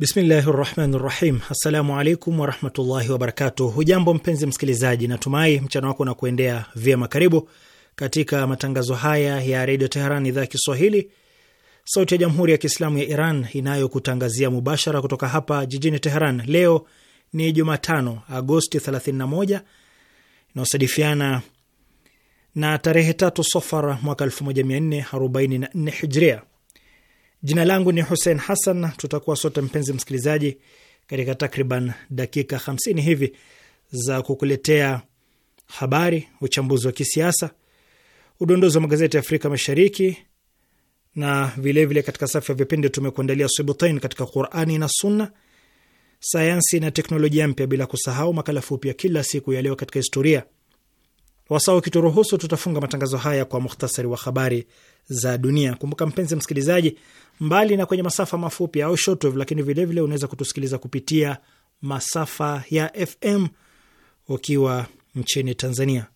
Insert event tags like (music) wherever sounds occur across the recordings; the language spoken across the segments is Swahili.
Bismillahi rahmani rahim. Assalamu alaikum warahmatullahi wabarakatuh. Hujambo mpenzi msikilizaji, natumai mchana wako na kuendea vyema. Karibu katika matangazo haya ya redio Teheran, idhaa ya Kiswahili, sauti ya jamhuri ya kiislamu ya Iran inayokutangazia mubashara kutoka hapa jijini Teheran. Leo ni Jumatano, Agosti 31 inayosadifiana na tarehe tatu Sofar mwaka 1444 Hijria. Jina langu ni Hussein Hassan. Tutakuwa sote mpenzi msikilizaji, katika takriban dakika 50 hivi za kukuletea habari, uchambuzi wa kisiasa, udondozi wa magazeti ya Afrika Mashariki na vilevile vile katika safu ya vipindi tumekuandalia subutain katika Qurani na Sunna, sayansi na teknolojia mpya, bila kusahau makala fupi ya kila siku ya leo katika historia. Wasaa ukituruhusu, tutafunga matangazo haya kwa muhtasari wa habari za dunia. Kumbuka mpenzi msikilizaji, mbali na kwenye masafa mafupi au shortwave, lakini vilevile unaweza kutusikiliza kupitia masafa ya FM ukiwa nchini Tanzania.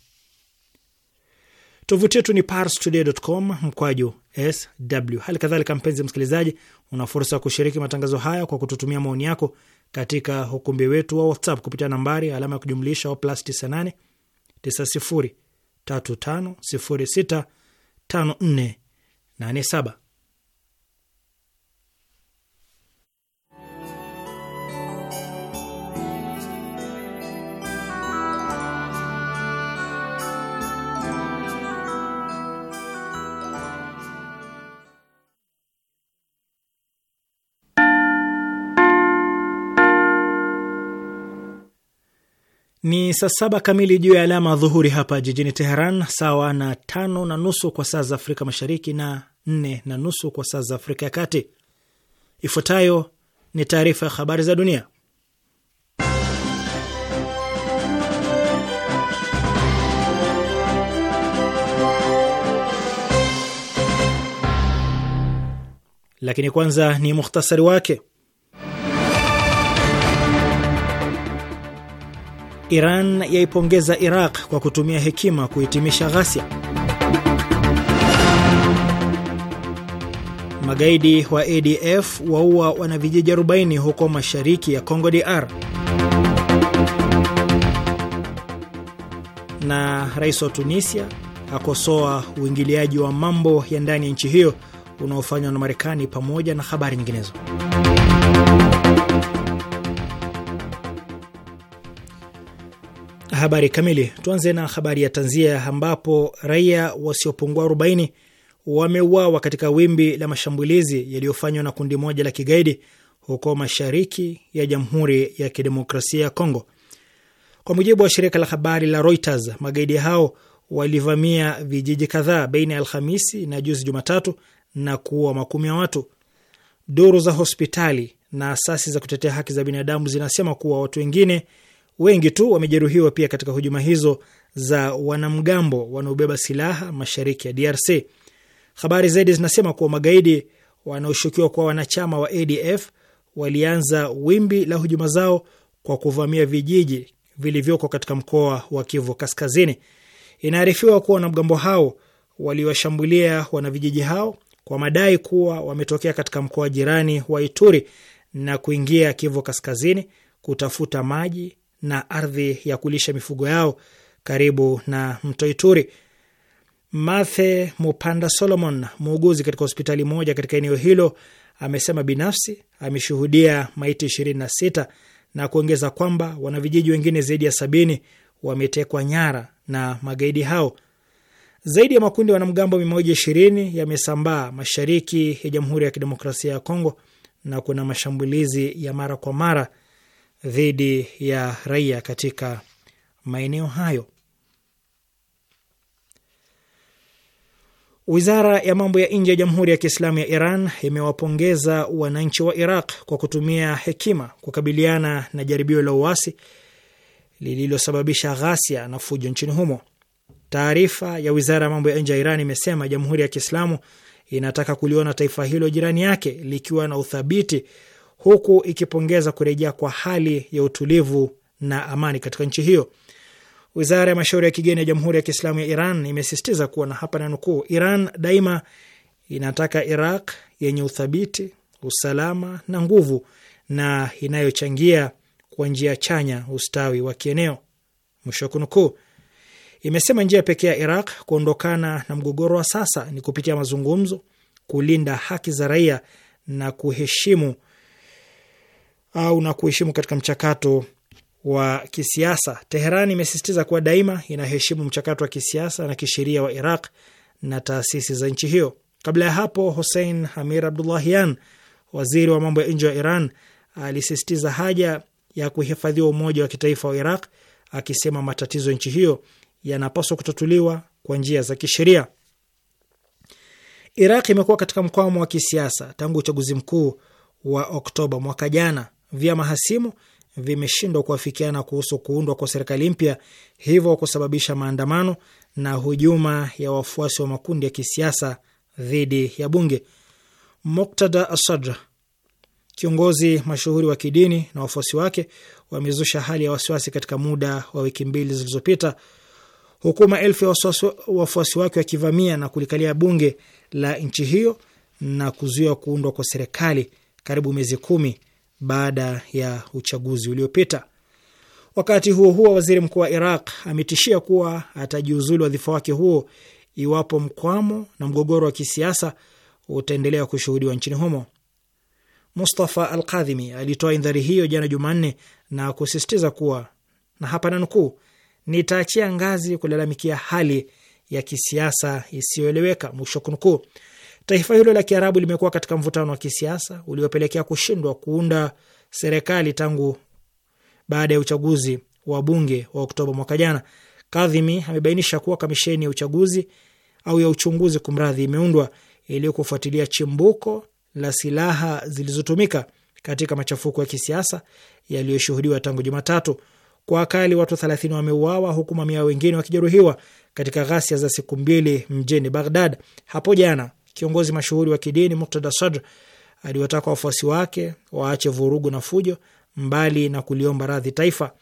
Tovuti yetu ni parstoday.com mkwaju sw. Hali kadhalika, mpenzi msikilizaji, una fursa ya kushiriki matangazo haya kwa kututumia maoni yako katika ukumbi wetu wa WhatsApp kupitia nambari alama ya kujumlisha au plus 98 90 35 06 54 87. Ni saa saba kamili juu ya alama dhuhuri hapa jijini Teheran, sawa na tano na nusu kwa saa za Afrika Mashariki na nne na nusu kwa saa za Afrika ya Kati. Ifuatayo ni taarifa ya habari za dunia, lakini kwanza ni muhtasari wake. Iran yaipongeza Iraq kwa kutumia hekima kuhitimisha ghasia. Magaidi wa ADF waua wanavijiji 40 huko mashariki ya Congo DR. Na rais wa Tunisia akosoa uingiliaji wa mambo ya ndani ya nchi hiyo unaofanywa na Marekani pamoja na habari nyinginezo. habari kamili. Tuanze na habari ya tanzia ambapo raia wasiopungua 40 wameuawa katika wimbi la mashambulizi yaliyofanywa na kundi moja la kigaidi huko mashariki ya Jamhuri ya Kidemokrasia ya Kongo. Kwa mujibu wa shirika la habari la Reuters, magaidi hao walivamia vijiji kadhaa baina ya Alhamisi na juzi Jumatatu na kuua makumi ya watu. Duru za hospitali na asasi za kutetea haki za binadamu zinasema kuwa watu wengine wengi tu wamejeruhiwa pia katika hujuma hizo za wanamgambo wanaobeba silaha mashariki ya DRC. Habari zaidi zinasema kuwa magaidi wanaoshukiwa kuwa wanachama wa ADF walianza wimbi la hujuma zao kwa kuvamia vijiji vilivyoko katika mkoa wa Kivu Kaskazini. Inaarifiwa kuwa wanamgambo hao waliwashambulia wanavijiji hao kwa madai kuwa wametokea katika mkoa jirani wa Ituri na kuingia Kivu Kaskazini kutafuta maji na ardhi ya kulisha mifugo yao karibu na mto Ituri. Mathe Mupanda Solomon, muuguzi katika hospitali moja katika eneo hilo, amesema binafsi ameshuhudia maiti ishirini na sita na kuongeza kwamba wanavijiji wengine zaidi ya sabini wametekwa nyara na magaidi hao. Zaidi ya makundi wanamgambo mia moja ishirini yamesambaa mashariki ya Jamhuri ya Kidemokrasia ya Kongo na kuna mashambulizi ya mara kwa mara dhidi ya raia katika maeneo hayo. Wizara ya mambo ya nje ya Jamhuri ya Kiislamu ya Iran imewapongeza wananchi wa Iraq kwa kutumia hekima kukabiliana na jaribio la uasi lililosababisha ghasia na fujo nchini humo. Taarifa ya wizara ya mambo ya nje ya Iran imesema Jamhuri ya Kiislamu inataka kuliona taifa hilo jirani yake likiwa na uthabiti huku ikipongeza kurejea kwa hali ya utulivu na amani katika nchi hiyo. Wizara ya mashauri ya kigeni ya Jamhuri ya Kiislamu ya Iran imesisitiza kuwa na hapa na nukuu, Iran daima inataka Iraq yenye uthabiti, usalama na nguvu na inayochangia kwa njia chanya ustawi wa kieneo, mwisho wa kunukuu. Imesema njia pekee ya Iraq kuondokana na mgogoro wa sasa ni kupitia mazungumzo, kulinda haki za raia na kuheshimu au na kuheshimu katika mchakato wa kisiasa. Teheran imesisitiza kuwa daima inaheshimu mchakato wa kisiasa na kisheria wa Iraq na taasisi za nchi hiyo. Kabla ya hapo, Hussein Amir Abdullahian, waziri wa mambo ya nje wa Iran, alisisitiza haja ya kuhifadhiwa umoja wa kitaifa wa Iraq, akisema matatizo ya nchi hiyo yanapaswa kutatuliwa kwa njia za kisheria. Iraq imekuwa katika mkwamo wa kisiasa tangu uchaguzi mkuu wa Oktoba mwaka jana vyama hasimu vimeshindwa kuafikiana kuhusu kuundwa kwa serikali mpya, hivyo kusababisha maandamano na hujuma ya wafuasi wa makundi ya kisiasa dhidi ya bunge. Moktada Asadra, kiongozi mashuhuri wa kidini, na wafuasi wake wamezusha hali ya wasiwasi katika muda wa wiki mbili zilizopita, huku maelfu ya wafuasi wake wakivamia na kulikalia bunge la nchi hiyo na kuzuia kuundwa kwa serikali karibu miezi kumi baada ya uchaguzi uliopita. Wakati huo huo, waziri mkuu wa Iraq ametishia kuwa atajiuzulu wadhifa wake huo iwapo mkwamo na mgogoro wa kisiasa utaendelea kushuhudiwa nchini humo. Mustafa Al Kadhimi alitoa indhari hiyo jana Jumanne na kusisitiza kuwa, na hapa nukuu, nitaachia ngazi kulalamikia hali ya kisiasa isiyoeleweka, mwisho kunukuu. Taifa hilo la Kiarabu limekuwa katika mvutano wa kisiasa uliopelekea kushindwa kuunda serikali tangu baada ya uchaguzi wa bunge wa Oktoba mwaka jana. Kadhimi amebainisha kuwa kamisheni ya uchaguzi au ya uchunguzi, kumradhi, imeundwa ili kufuatilia chimbuko la silaha zilizotumika katika machafuko ya kisiasa yaliyoshuhudiwa tangu Jumatatu. Kwa akali watu thelathini wameuawa huku mamia wengine wakijeruhiwa katika ghasia za siku mbili mjini Baghdad hapo jana. Kiongozi mashuhuri wa kidini Muktada Sadr aliwataka wafuasi wake waache vurugu na fujo, mbali na kuliomba radhi taifa.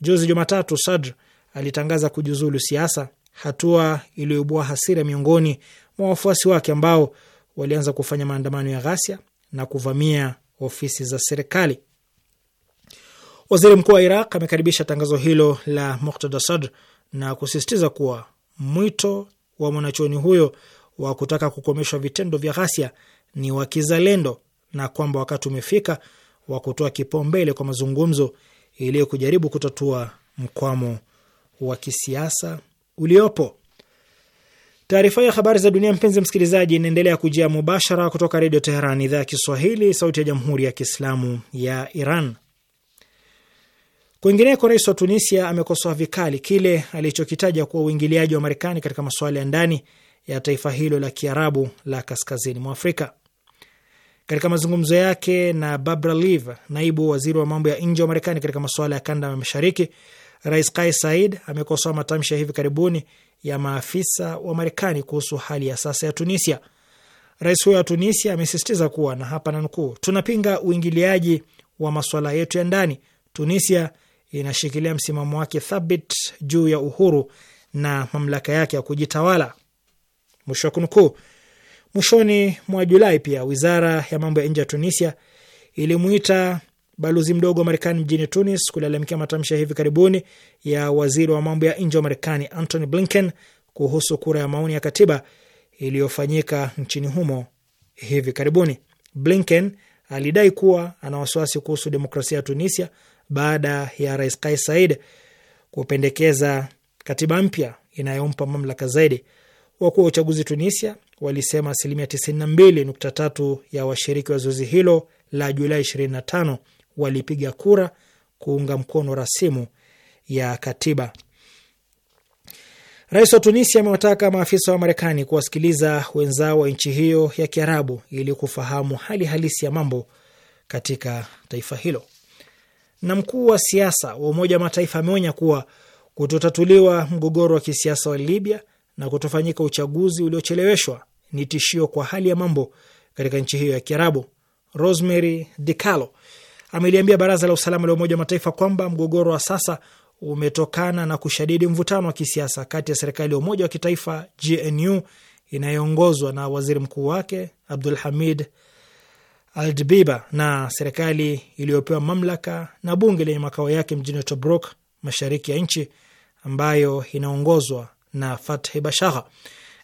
Juzi Jumatatu, Sadr alitangaza kujiuzulu siasa, hatua iliyoibua hasira miongoni mwa wafuasi wake ambao walianza kufanya maandamano ya ghasia na kuvamia ofisi za serikali. Waziri mkuu wa Iraq amekaribisha tangazo hilo la Muktada Sadr na kusisitiza kuwa mwito wa mwanachuoni huyo wa kutaka kukomeshwa vitendo vya ghasia ni wa kizalendo na kwamba wakati umefika wa kutoa kipaumbele kwa mazungumzo ili kujaribu kutatua mkwamo wa kisiasa uliopo. Taarifa ya habari za dunia, mpenzi msikilizaji, inaendelea kujia mubashara kutoka Redio Teheran, idhaa ya Kiswahili, sauti ya jamhuri ya kiislamu ya Iran. Kwingineko, rais wa Tunisia amekosoa vikali kile alichokitaja kuwa uingiliaji wa Marekani katika masuala ya ndani ya taifa hilo la Kiarabu la kaskazini mwa Afrika. Katika mazungumzo yake na Barbara Leaf, naibu waziri wa mambo ya nje wa Marekani katika masuala ya kanda ya Mashariki, Rais Kais Said amekosoa matamshi ya hivi karibuni ya maafisa wa Marekani kuhusu hali ya sasa ya Tunisia. Rais huyo wa Tunisia amesisitiza kuwa na hapa na nukuu, tunapinga uingiliaji wa masuala yetu ya ndani. Tunisia inashikilia msimamo wake thabit juu ya uhuru na mamlaka yake ya kujitawala mwisho wa kunukuu. Mwishoni mwa Julai pia wizara ya mambo ya nje ya Tunisia ilimuita balozi mdogo wa Marekani mjini Tunis kulalamikia matamshi ya hivi karibuni ya waziri wa mambo ya nje wa Marekani Antony Blinken kuhusu kura ya maoni ya katiba iliyofanyika nchini humo hivi karibuni. Blinken alidai kuwa ana wasiwasi kuhusu demokrasia ya Tunisia baada ya rais Kais Said kupendekeza katiba mpya inayompa mamlaka zaidi Wakuu wa uchaguzi Tunisia walisema asilimia 92.3 ya washiriki wa zoezi hilo la Julai 25 walipiga kura kuunga mkono rasimu ya katiba. Rais wa Tunisia amewataka maafisa wa Marekani kuwasikiliza wenzao wa nchi hiyo ya Kiarabu ili kufahamu hali halisi ya mambo katika taifa hilo. Na mkuu wa siasa wa Umoja wa Mataifa ameonya kuwa kutotatuliwa mgogoro wa kisiasa wa Libya na kutofanyika uchaguzi uliocheleweshwa ni tishio kwa hali ya mambo katika nchi hiyo ya Kiarabu. Rosemary DiCarlo ameliambia baraza la usalama la Umoja wa Mataifa kwamba mgogoro wa sasa umetokana na kushadidi mvutano wa kisiasa kati ya serikali ya umoja wa kitaifa GNU inayoongozwa na waziri mkuu wake Abdul Hamid Aldbiba na serikali iliyopewa mamlaka na bunge lenye makao yake mjini Tobruk, mashariki ya nchi, ambayo inaongozwa na Fathi Bashagha.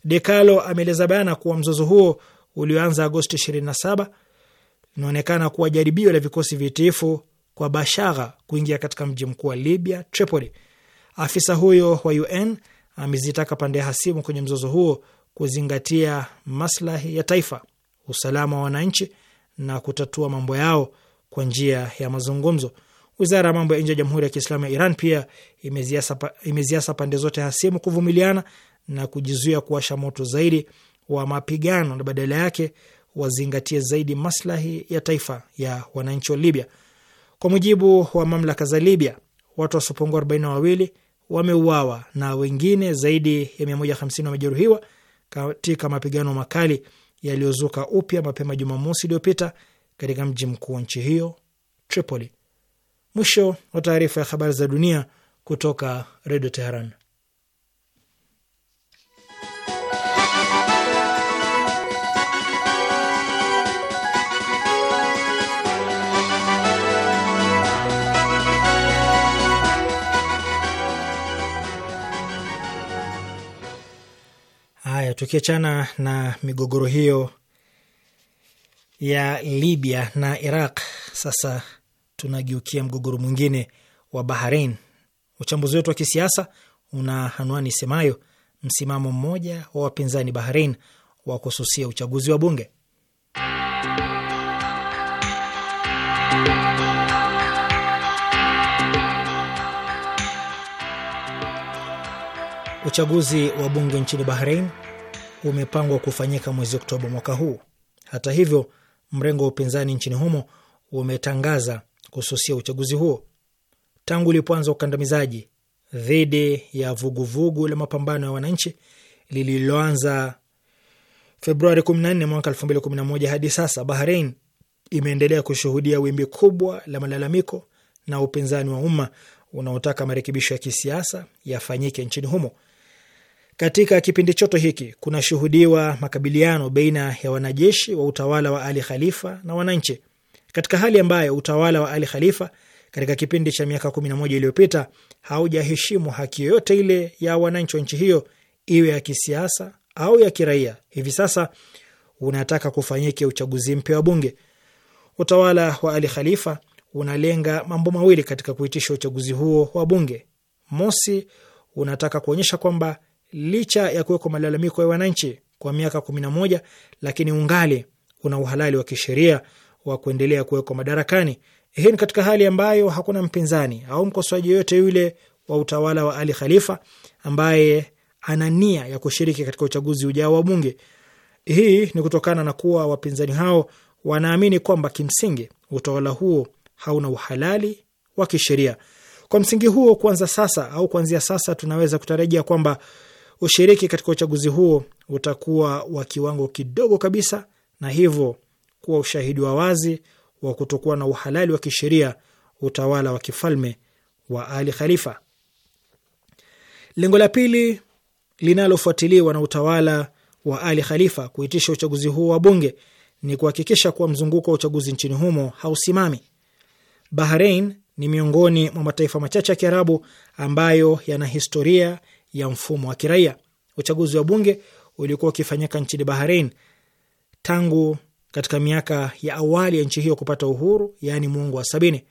Dekalo ameeleza bayana kuwa mzozo huo ulioanza Agosti 27 inaonekana kuwa jaribio la vikosi vitiifu kwa Bashagha kuingia katika mji mkuu wa Libya, Tripoli. Afisa huyo wa UN amezitaka pande hasimu kwenye mzozo huo kuzingatia maslahi ya taifa, usalama wa wananchi na kutatua mambo yao kwa njia ya mazungumzo. Wizara ya mambo ya nje ya Jamhuri ya Kiislamu ya Iran pia imeziasa pande zote hasimu kuvumiliana na kujizuia kuwasha moto zaidi wa mapigano na badala yake wazingatie zaidi maslahi ya taifa ya wananchi wa Libya. Kwa mujibu wa mamlaka za Libya, watu wasiopungua arobaini na wawili wameuawa na wengine zaidi ya 150 wamejeruhiwa katika mapigano makali yaliyozuka upya mapema Jumamosi iliyopita katika mji mkuu wa nchi hiyo Tripoli. Mwisho wa taarifa ya habari za dunia kutoka Redio Teheran. Haya, tukiachana na migogoro hiyo ya Libya na Iraq, sasa tunageukia mgogoro mwingine wa Bahrain. Uchambuzi wetu wa kisiasa una anwani semayo msimamo mmoja wa wapinzani Bahrain wa kususia uchaguzi wa bunge. Uchaguzi wa bunge nchini Bahrain umepangwa kufanyika mwezi Oktoba mwaka huu. Hata hivyo, mrengo wa upinzani nchini humo umetangaza kususia uchaguzi huo. Tangu ulipoanza ukandamizaji dhidi ya vuguvugu la mapambano ya wananchi lililoanza Februari 14 mwaka 2011 hadi sasa, Bahrein imeendelea kushuhudia wimbi kubwa la malalamiko na upinzani wa umma unaotaka marekebisho ya kisiasa yafanyike nchini humo. Katika kipindi choto hiki kunashuhudiwa makabiliano baina ya wanajeshi wa utawala wa Ali Khalifa na wananchi katika hali ambayo utawala wa Ali Khalifa katika kipindi cha miaka kumi na moja iliyopita haujaheshimu haki yoyote ile ya wananchi wa nchi hiyo, iwe ya kisiasa au ya kiraia. Hivi sasa unataka kufanyike uchaguzi mpya wa bunge. Utawala wa Ali Khalifa unalenga mambo mawili katika kuitisha uchaguzi huo wa bunge. Mosi, unataka kuonyesha kwamba licha ya kuwekwa malalamiko ya wananchi kwa miaka kumi na moja, lakini ungali una uhalali wa kisheria wa kuendelea kuwekwa madarakani. Hii ni katika hali ambayo hakuna mpinzani au mkosoaji yoyote yule wa utawala wa Ali Khalifa ambaye ana nia ya kushiriki katika uchaguzi ujao wa bunge. Hii ni kutokana na kuwa wapinzani hao wanaamini kwamba kimsingi utawala huo hauna uhalali wa kisheria. Kwa msingi huo, kuanza sasa au kuanzia sasa, tunaweza kutarajia kwamba ushiriki katika uchaguzi huo utakuwa wa kiwango kidogo kabisa, na hivyo kuwa ushahidi wa wazi wa kutokuwa na uhalali wa kisheria utawala wa kifalme wa Ali Khalifa. Lengo la pili linalofuatiliwa na utawala wa Ali Khalifa kuitisha uchaguzi huo wa bunge ni kuhakikisha kuwa mzunguko wa uchaguzi nchini humo hausimami. Bahrain ni miongoni mwa mataifa machache ya Kiarabu ambayo yana historia ya mfumo wa kiraia. Uchaguzi wa bunge ulikuwa ukifanyika nchini Bahrain tangu katika miaka ya awali ya nchi hiyo kupata uhuru, yaani muongo wa sabini,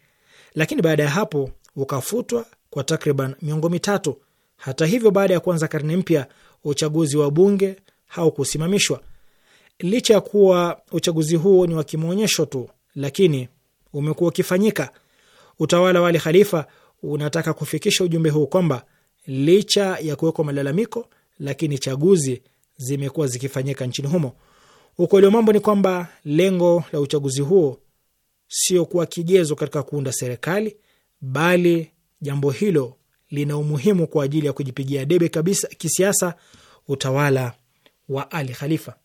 lakini baada ya hapo ukafutwa kwa takriban miongo mitatu. Hata hivyo, baada ya kuanza karne mpya uchaguzi wa bunge haukusimamishwa. Licha ya kuwa uchaguzi huo ni wa kimwonyesho tu, lakini umekuwa ukifanyika. Utawala wa Ali Khalifa unataka kufikisha ujumbe huu kwamba licha ya kuwekwa malalamiko, lakini chaguzi zimekuwa zikifanyika nchini humo. Ukweli wa mambo ni kwamba lengo la uchaguzi huo sio kuwa kigezo katika kuunda serikali, bali jambo hilo lina umuhimu kwa ajili ya kujipigia debe kabisa kisiasa utawala wa Ali Khalifa.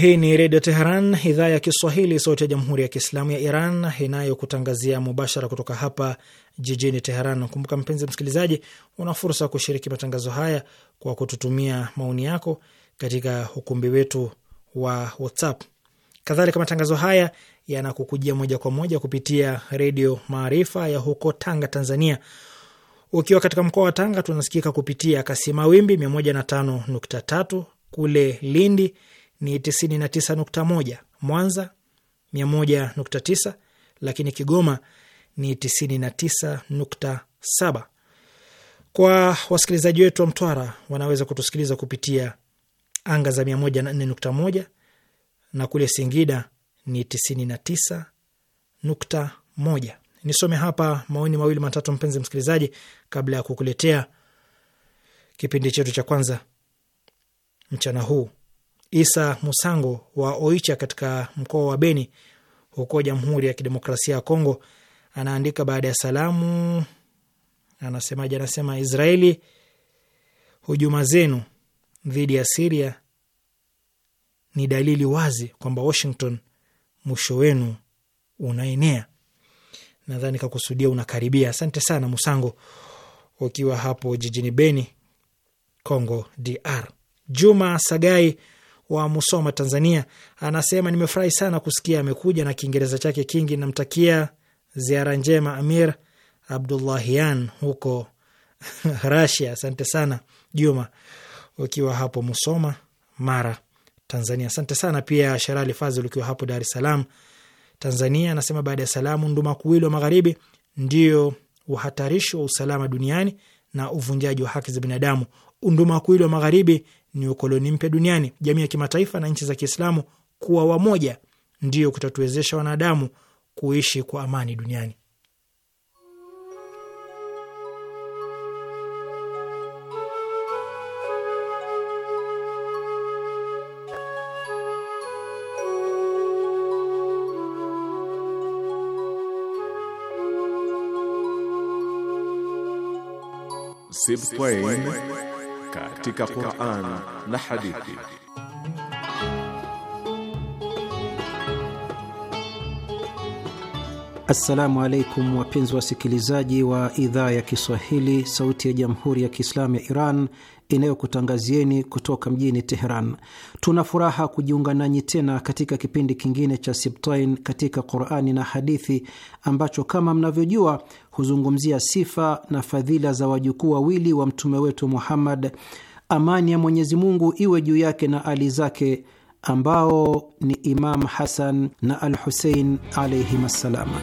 Hii ni Redio Teheran, idhaa ya Kiswahili, sauti ya Jamhuri ya Kiislamu ya Iran inayokutangazia mubashara kutoka hapa jijini Teheran. Kumbuka mpenzi msikilizaji, una fursa ya kushiriki matangazo haya kwa kututumia maoni yako katika ukumbi wetu wa WhatsApp. Kadhalika, matangazo haya yanakukujia moja kwa moja kupitia Redio Maarifa ya huko Tanga, Tanzania. Ukiwa katika mkoa wa Tanga, tunasikika kupitia kasi mawimbi 105.3, kule Lindi ni 99.1, Mwanza 101.9, lakini Kigoma ni 99.7. Kwa wasikilizaji wetu wa Mtwara, wanaweza kutusikiliza kupitia anga za 104.1 na kule Singida ni 99.1. Nisome hapa maoni mawili matatu, mpenzi msikilizaji, kabla ya kukuletea kipindi chetu cha kwanza mchana huu. Isa Musango wa Oicha katika mkoa wa Beni huko Jamhuri ya Kidemokrasia ya Kongo anaandika baada ya salamu, anasemaje? Anasema Israeli, hujuma zenu dhidi ya Siria ni dalili wazi kwamba Washington, mwisho wenu unaenea. Nadhani kakusudia unakaribia. Asante sana Musango, ukiwa hapo jijini Beni, congo DR. Juma Sagai wa Musoma, Tanzania, anasema nimefurahi sana kusikia amekuja na Kiingereza chake kingi. Namtakia ziara njema Amir Abdullahian huko (laughs) Rasia. Asante sana Juma, ukiwa hapo Musoma, Mara, Tanzania. Asante sana pia Sherali Fazil, ukiwa hapo Dar es Salaam, Tanzania. Anasema baada ya salamu, nduma kuwili wa magharibi ndio uhatarishi wa usalama duniani na uvunjaji wa haki za binadamu. Undumakuwili wa magharibi ni ukoloni mpya duniani. Jamii ya kimataifa na nchi za Kiislamu kuwa wamoja ndiyo kutatuwezesha wanadamu kuishi kwa amani duniani. Sibtain katika Qur'an na hadithi. Assalamu alaikum wapenzi wasikilizaji wa idhaa ya Kiswahili sauti ya Jamhuri ya Kiislamu ya Iran inayokutangazieni kutoka mjini Teheran. Tuna furaha kujiunga nanyi tena katika kipindi kingine cha Sibtain katika Qurani na Hadithi, ambacho kama mnavyojua huzungumzia sifa na fadhila za wajukuu wawili wa mtume wetu Muhammad, amani ya Mwenyezi Mungu iwe juu yake na ali zake, ambao ni Imam Hasan na al Husein alaihim assalama.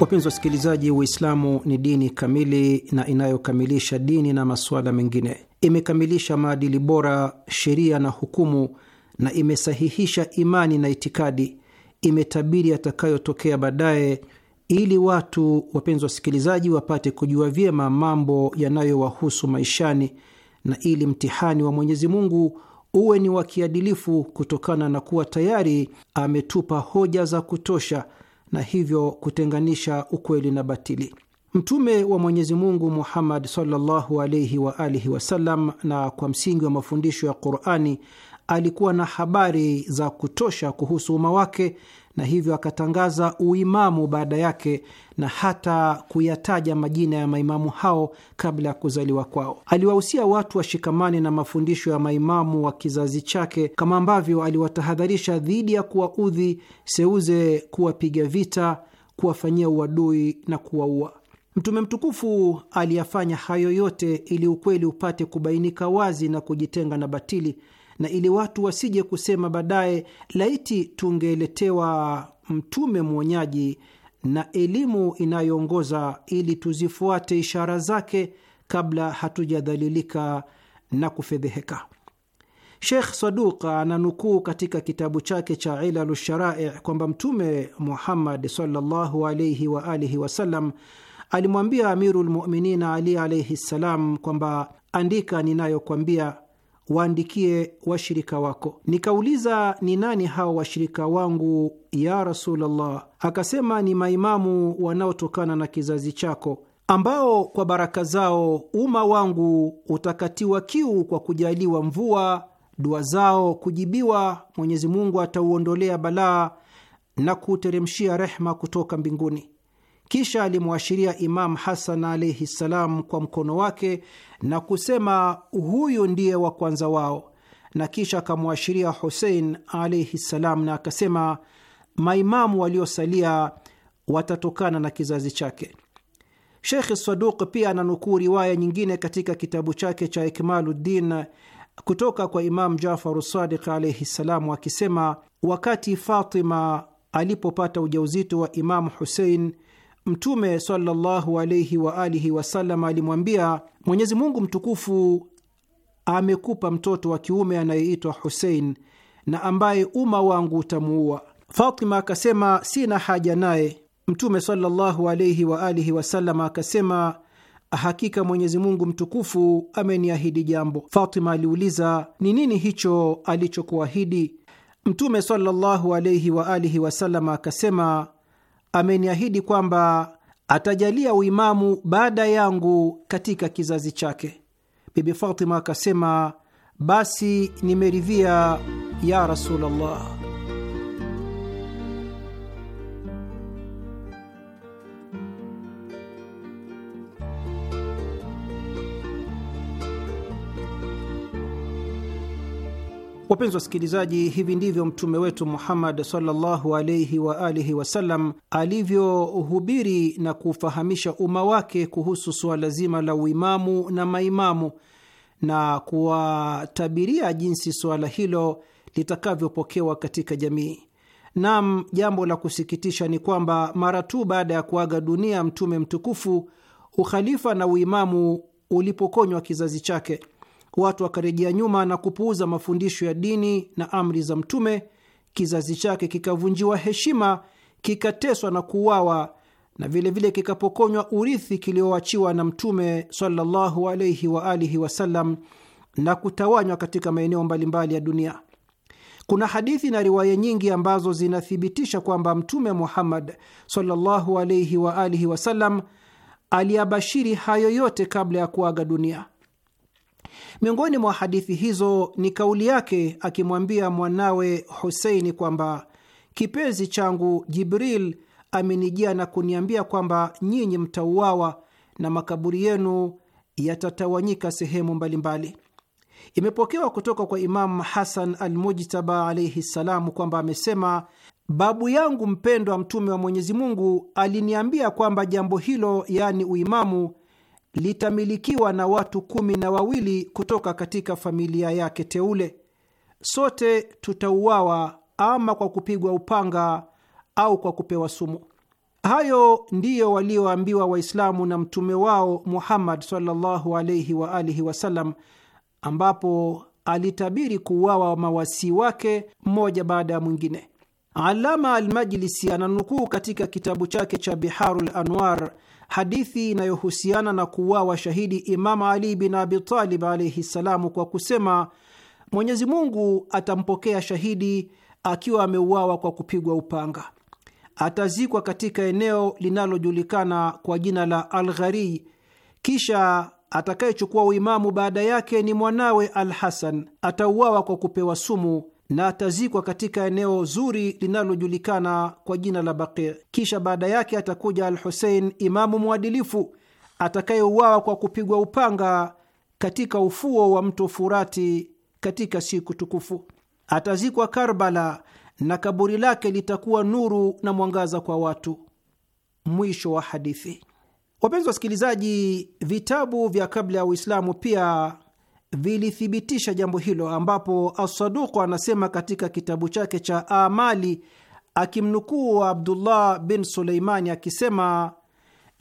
Wapenzi wasikilizaji, Uislamu ni dini kamili na inayokamilisha dini na masuala mengine. Imekamilisha maadili bora, sheria na hukumu, na imesahihisha imani na itikadi. Imetabiri yatakayotokea baadaye, ili watu, wapenzi wasikilizaji, wapate kujua vyema mambo yanayowahusu maishani, na ili mtihani wa Mwenyezi Mungu uwe ni wa kiadilifu, kutokana na kuwa tayari ametupa hoja za kutosha na hivyo kutenganisha ukweli na batili. Mtume wa Mwenyezi Mungu Muhammad sallallahu alaihi wa alihi wasallam, na kwa msingi wa mafundisho ya Qurani, alikuwa na habari za kutosha kuhusu umma wake na hivyo akatangaza uimamu baada yake na hata kuyataja majina ya maimamu hao kabla ya kuzaliwa kwao. Aliwahusia watu washikamane na mafundisho ya maimamu wa kizazi chake, kama ambavyo aliwatahadharisha dhidi ya kuwaudhi, seuze kuwapiga vita, kuwafanyia uadui na kuwaua. Mtume mtukufu aliyafanya hayo yote ili ukweli upate kubainika wazi na kujitenga na batili na ili watu wasije kusema baadaye, laiti tungeletewa mtume mwonyaji na elimu inayoongoza ili tuzifuate ishara zake kabla hatujadhalilika na kufedheheka. Sheikh Saduq ananukuu katika kitabu chake cha Ilalu Sharai kwamba Mtume Muhammad sallallahu alaihi wa alihi wasallam alimwambia Amiru Ali alaihi ssalam kwamba andika ninayokwambia waandikie washirika wako. Nikauliza, ni nani hao washirika wangu ya Rasulullah? Akasema, ni maimamu wanaotokana na kizazi chako ambao kwa baraka zao umma wangu utakatiwa kiu kwa kujaliwa mvua, dua zao kujibiwa, Mwenyezi Mungu atauondolea balaa na kuteremshia rehma kutoka mbinguni. Kisha alimwashiria Imam Hasan alaihi ssalam kwa mkono wake na kusema, huyu ndiye wa kwanza wao, na kisha akamwashiria Husein alaihi ssalam na akasema, maimamu waliosalia watatokana na kizazi chake. Shekh Saduq pia ananukuu riwaya nyingine katika kitabu chake cha Ikmaluddin kutoka kwa Imam Jafaru Sadiq alaihi ssalam akisema, wakati Fatima alipopata ujauzito wa Imamu Husein Mtume sallallahu alaihi wa alihi wasallam alimwambia, Mwenyezi Mungu mtukufu amekupa mtoto wa kiume anayeitwa Husein na ambaye umma wangu utamuua. Fatima akasema sina haja naye. Mtume sallallahu wa alihi wasallam akasema hakika Mwenyezi Mungu mtukufu ameniahidi jambo. Fatima aliuliza ni nini hicho alichokuahidi? Mtume sallallahu wa alihi wasallam akasema ameniahidi kwamba atajalia uimamu baada yangu katika kizazi chake. Bibi Fatima akasema, basi nimeridhia ya Rasulullah. Wapenzi wasikilizaji, hivi ndivyo mtume wetu Muhammad sallallahu alaihi wa alihi wasallam alivyohubiri na kufahamisha umma wake kuhusu suala zima la uimamu na maimamu na kuwatabiria jinsi suala hilo litakavyopokewa katika jamii. Naam, jambo la kusikitisha ni kwamba mara tu baada ya kuaga dunia mtume mtukufu, ukhalifa na uimamu ulipokonywa kizazi chake Watu wakarejea nyuma na kupuuza mafundisho ya dini na amri za Mtume. Kizazi chake kikavunjiwa heshima, kikateswa na kuuawa, na vilevile kikapokonywa urithi kilioachiwa na Mtume sallallahu alaihi wa alihi wasallam na kutawanywa katika maeneo mbalimbali ya dunia. Kuna hadithi na riwaya nyingi ambazo zinathibitisha kwamba Mtume Muhammad sallallahu alaihi wa alihi wasallam aliabashiri hayo yote kabla ya kuaga dunia. Miongoni mwa hadithi hizo ni kauli yake akimwambia mwanawe Huseini kwamba kipenzi changu Jibril amenijia na kuniambia kwamba nyinyi mtauawa na makaburi yenu yatatawanyika sehemu mbalimbali. Imepokewa kutoka kwa Imamu Hasan Almujtaba alaihi ssalamu kwamba amesema, babu yangu mpendwa Mtume wa Mwenyezi Mungu aliniambia kwamba jambo hilo, yaani uimamu, litamilikiwa na watu kumi na wawili kutoka katika familia yake teule. Sote tutauawa ama kwa kupigwa upanga au kwa kupewa sumu. Hayo ndiyo walioambiwa Waislamu na mtume wao Muhammad sallallahu alaihi wa alihi wasallam, ambapo alitabiri kuuawa mawasii wake mmoja baada ya mwingine. Alama Almajlisi ananukuu katika kitabu chake cha Biharul Anwar hadithi inayohusiana na kuuawa shahidi Imamu Ali bin Abitalib alaihi ssalamu, kwa kusema Mwenyezi Mungu atampokea shahidi akiwa ameuawa kwa kupigwa upanga, atazikwa katika eneo linalojulikana kwa jina la al ghari Kisha atakayechukua uimamu baada yake ni mwanawe Al Hasan, atauawa kwa kupewa sumu na atazikwa katika eneo zuri linalojulikana kwa jina la Baqi. Kisha baada yake atakuja Al Husein, imamu mwadilifu atakayeuawa kwa kupigwa upanga katika ufuo wa mto Furati katika siku tukufu. Atazikwa Karbala na kaburi lake litakuwa nuru na mwangaza kwa watu. Mwisho wa hadithi. Wapenzi wasikilizaji, vitabu vya kabla ya Uislamu pia vilithibitisha jambo hilo, ambapo Asaduku anasema katika kitabu chake cha Amali akimnukuu wa Abdullah bin Suleimani akisema,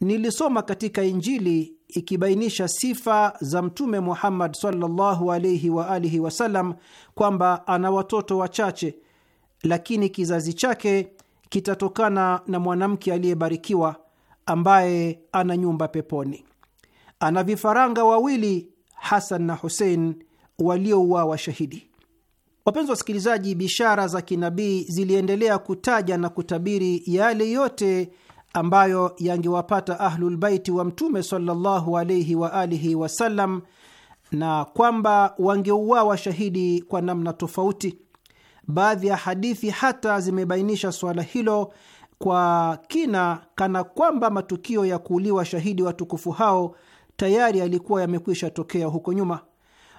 nilisoma katika Injili ikibainisha sifa za Mtume Muhammad sallallahu alaihi wa alihi wasallam kwamba ana watoto wachache, lakini kizazi chake kitatokana na mwanamke aliyebarikiwa ambaye ana nyumba peponi, ana vifaranga wawili Hasan na Husein waliouawa shahidi. Wapenzi wasikilizaji, bishara za kinabii ziliendelea kutaja na kutabiri yale yote ambayo yangewapata Ahlulbaiti wa Mtume sallallahu alaihi wa alihi wasallam na kwamba wangeuawa shahidi kwa namna tofauti. Baadhi ya hadithi hata zimebainisha suala hilo kwa kina, kana kwamba matukio ya kuuliwa shahidi watukufu hao tayari yalikuwa yamekwisha tokea huko nyuma.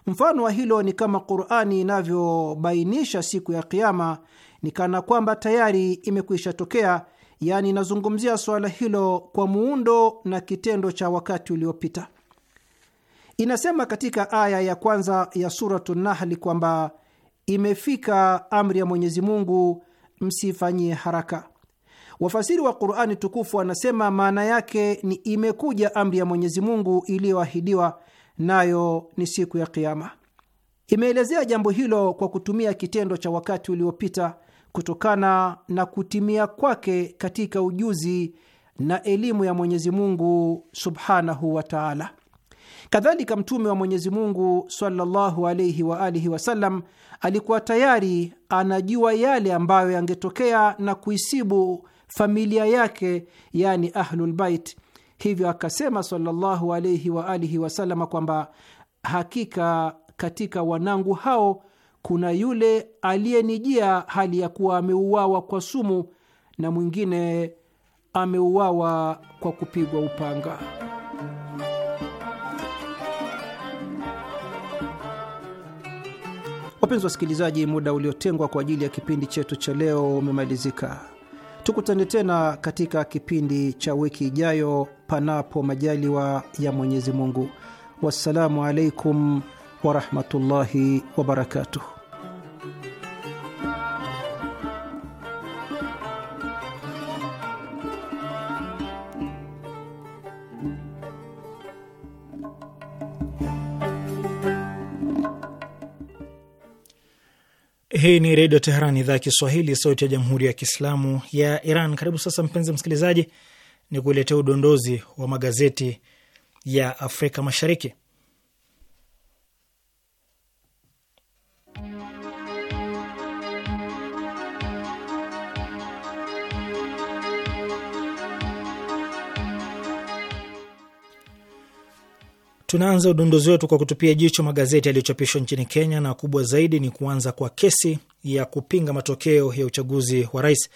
Mfano wa hilo ni kama Qurani inavyobainisha siku ya Kiama ni kana kwamba tayari imekwisha tokea, yaani inazungumzia suala hilo kwa muundo na kitendo cha wakati uliopita. Inasema katika aya ya kwanza ya Suratu Nahli kwamba imefika amri ya Mwenyezi Mungu, msifanyie haraka. Wafasiri wa Qurani tukufu wanasema maana yake ni imekuja amri ya Mwenyezi Mungu iliyoahidiwa, nayo ni siku ya Kiama. Imeelezea jambo hilo kwa kutumia kitendo cha wakati uliopita kutokana na kutimia kwake katika ujuzi na elimu ya Mwenyezi Mungu subhanahu wa taala. Kadhalika, Mtume wa Mwenyezi Mungu sallallahu alaihi wa alihi wasallam alikuwa tayari anajua yale ambayo yangetokea na kuisibu familia yake, yani Ahlulbait. Hivyo akasema sallallahu alaihi alihi wasalama kwamba hakika katika wanangu hao kuna yule aliyenijia hali ya kuwa ameuawa kwa sumu na mwingine ameuawa kwa kupigwa upanga. Wapenzi wasikilizaji, muda uliotengwa kwa ajili ya kipindi chetu cha leo umemalizika. Tukutane tena katika kipindi cha wiki ijayo, panapo majaliwa ya Mwenyezi Mungu. Wassalamu alaikum warahmatullahi wabarakatuh. Hii ni Redio Teheran, idhaa ya Kiswahili, sauti ya Jamhuri ya Kiislamu ya Iran. Karibu sasa, mpenzi msikilizaji, ni kuletea udondozi wa magazeti ya Afrika Mashariki. Tunaanza udunduzi wetu kwa kutupia jicho magazeti yaliyochapishwa nchini Kenya, na kubwa zaidi ni kuanza kwa kesi ya kupinga matokeo ya uchaguzi wa rais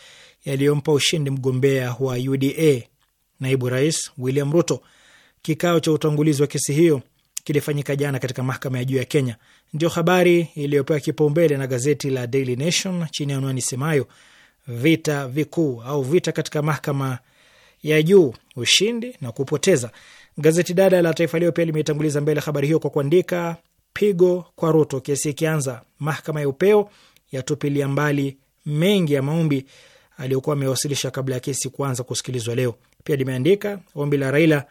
yaliyompa ushindi mgombea wa UDA naibu rais William Ruto. Kikao cha utangulizi wa kesi hiyo kilifanyika jana katika mahakama ya juu ya Kenya. Ndio habari iliyopewa kipaumbele na gazeti la Daily Nation chini ya anwani semayo vita vikuu au vita katika mahakama ya juu, ushindi na kupoteza. Gazeti dada la Taifa Leo pia limeitanguliza mbele habari hiyo kwa kuandika pigo kwa Ruto, kesi ikianza, mahakama ya upeo yatupilia mbali mengi ya maombi aliyokuwa amewasilisha kabla ya kesi kuanza kusikilizwa leo. Pia limeandika ombi la Raila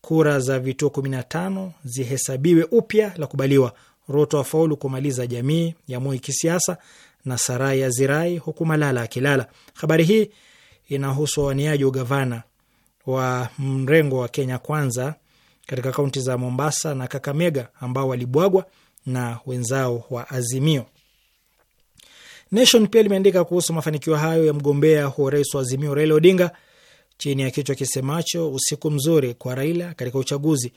kura za vituo kumi na tano zihesabiwe upya la kubaliwa. Ruto afaulu kumaliza jamii ya Moi kisiasa, na sarai ya zirai huku Malala akilala. Habari hii inahusu waniaji ugavana wa mrengo wa Kenya Kwanza katika kaunti za Mombasa na Kakamega ambao walibwagwa na wenzao wa Azimio. Nation pia limeandika kuhusu mafanikio hayo ya mgombea wa urais wa Azimio Raila Odinga chini ya kichwa kisemacho usiku mzuri kwa Raila katika uchaguzi.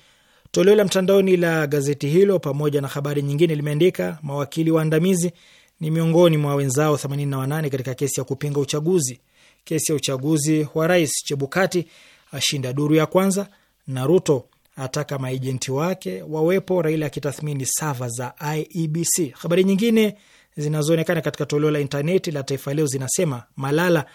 Toleo la mtandaoni la gazeti hilo pamoja na habari nyingine limeandika mawakili waandamizi ni miongoni mwa wenzao 88 katika kesi ya kupinga uchaguzi. Kesi ya uchaguzi wa rais Chebukati ashinda duru ya kwanza, na Ruto ataka maejenti wake wawepo, Raila akitathmini sava za IEBC. Habari nyingine zinazoonekana katika toleo la intaneti la Taifa Leo zinasema Malala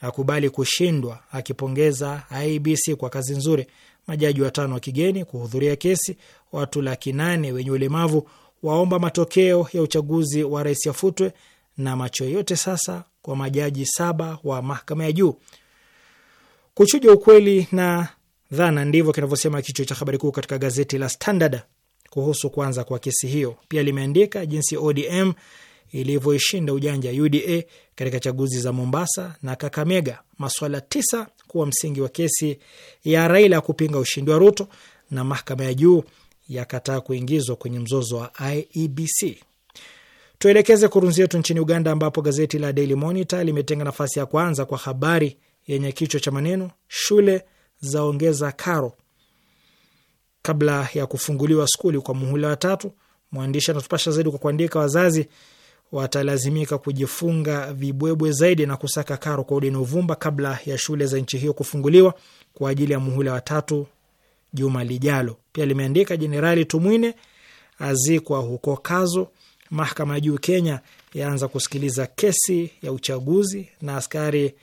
akubali kushindwa, akipongeza IEBC kwa kazi nzuri. Majaji watano wa kigeni kuhudhuria kesi. Watu laki nane wenye ulemavu waomba matokeo ya uchaguzi wa rais yafutwe. Na macho yote sasa kwa majaji saba wa mahakama ya juu. Kuchuja ukweli na dhana, ndivyo kinavyosema kichwa cha habari kuu katika gazeti la Standard kuhusu kuanza kwa kesi hiyo. Pia limeandika jinsi ODM ilivyoishinda ujanja UDA katika chaguzi za Mombasa na Kakamega, maswala tisa kuwa msingi wa kesi ya Raila kupinga ushindi wa Ruto, na mahakama ya juu yakataa kuingizwa kwenye mzozo wa IEBC. Tuelekeze kurunzi yetu nchini Uganda, ambapo gazeti la Daily Monitor limetenga nafasi ya kwanza kwa habari yenye kichwa cha maneno shule zaongeza karo kabla ya kufunguliwa skuli kwa muhula wa tatu. Mwandishi anatupasha zaidi kwa kuandika, wazazi watalazimika kujifunga vibwebwe zaidi na kusaka karo kwa udeni uvumba kabla ya shule za nchi hiyo kufunguliwa kwa ajili ya muhula wa tatu juma lijalo. Pia limeandika Jenerali Tumwine azikwa huko Kazo. Mahakama ya Juu Kenya yaanza kusikiliza kesi ya uchaguzi, na askari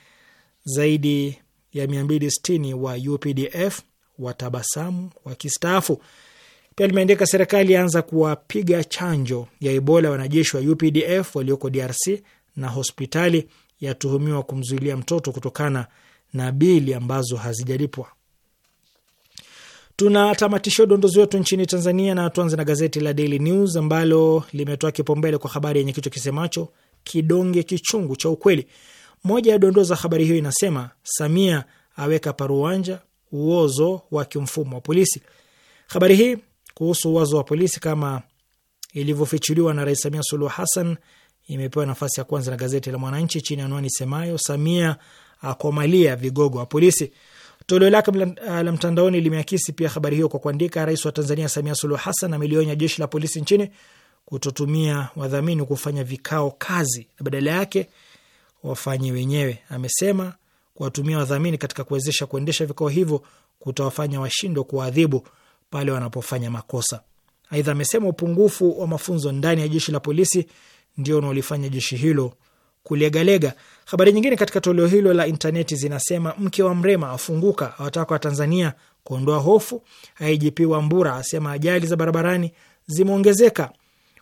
zaidi ya 260 wa UPDF watabasamu wakistaafu. Pia limeandika serikali yaanza kuwapiga chanjo ya Ebola wanajeshi wa UPDF walioko DRC na hospitali yatuhumiwa kumzuilia mtoto kutokana na bili ambazo hazijalipwa. Tunatamatishia udondozi wetu nchini Tanzania na tuanze na gazeti la Daily News ambalo limetoa kipaumbele kwa habari yenye kichwa kisemacho kidonge kichungu cha ukweli. Moja ya dondoo za habari hiyo inasema Samia aweka paruanja uozo wa kimfumo wa polisi. Habari hii kuhusu uozo wa polisi kama ilivyofichuliwa na Rais Samia Suluhu Hassan imepewa nafasi ya kwanza na gazeti la Mwananchi chini ya anwani semayo Samia akomalia vigogo wa polisi. Toleo lake la mtandaoni limeakisi pia habari hiyo kwa kuandika, Rais wa Tanzania Samia Suluhu Hassan amelionya jeshi la polisi nchini kutotumia wadhamini kufanya vikao kazi na badala yake wafanye wenyewe. Amesema kuwatumia wadhamini katika kuwezesha kuendesha vikao hivyo kutawafanya washindwe kuwaadhibu pale wanapofanya makosa. Aidha, amesema upungufu wa mafunzo ndani ya jeshi la polisi ndio unaolifanya jeshi hilo kulegalega. Habari nyingine katika toleo hilo la intaneti zinasema mke wa Mrema afunguka, awataka wa Tanzania kuondoa hofu. IGP Wambura asema ajali za barabarani zimeongezeka.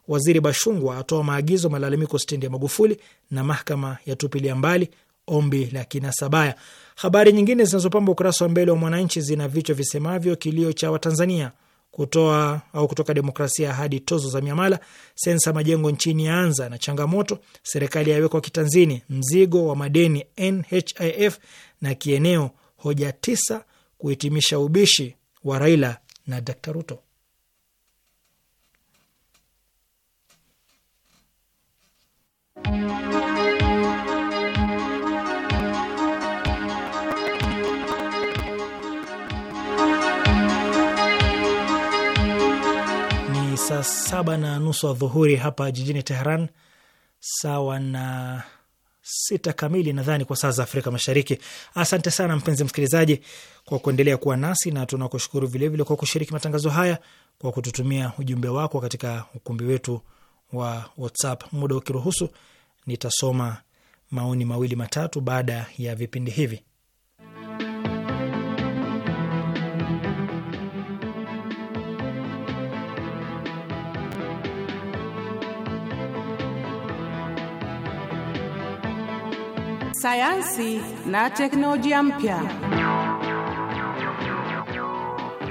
Waziri Bashungwa atoa maagizo malalamiko stendi ya Magufuli na mahakama tupilia mbali ombi la kinasabaya. Habari nyingine zinazopamba ukurasa wa mbele wa Mwananchi zina vichwa visemavyo: kilio cha Watanzania kutoa au kutoka demokrasia hadi tozo za miamala, sensa majengo nchini yaanza na changamoto, serikali yawekwa kitanzini, mzigo wa madeni NHIF na kieneo, hoja tisa kuhitimisha ubishi wa Raila na Dr Ruto. Ni saa saba na nusu dhuhuri hapa jijini Teheran, sawa na sita kamili nadhani kwa saa za Afrika Mashariki. Asante sana mpenzi msikilizaji kwa kuendelea kuwa nasi na tunakushukuru vilevile kwa kushiriki matangazo haya kwa kututumia ujumbe wako katika ukumbi wetu wa WhatsApp. Muda ukiruhusu nitasoma maoni mawili matatu baada ya vipindi hivi. Sayansi na teknolojia mpya.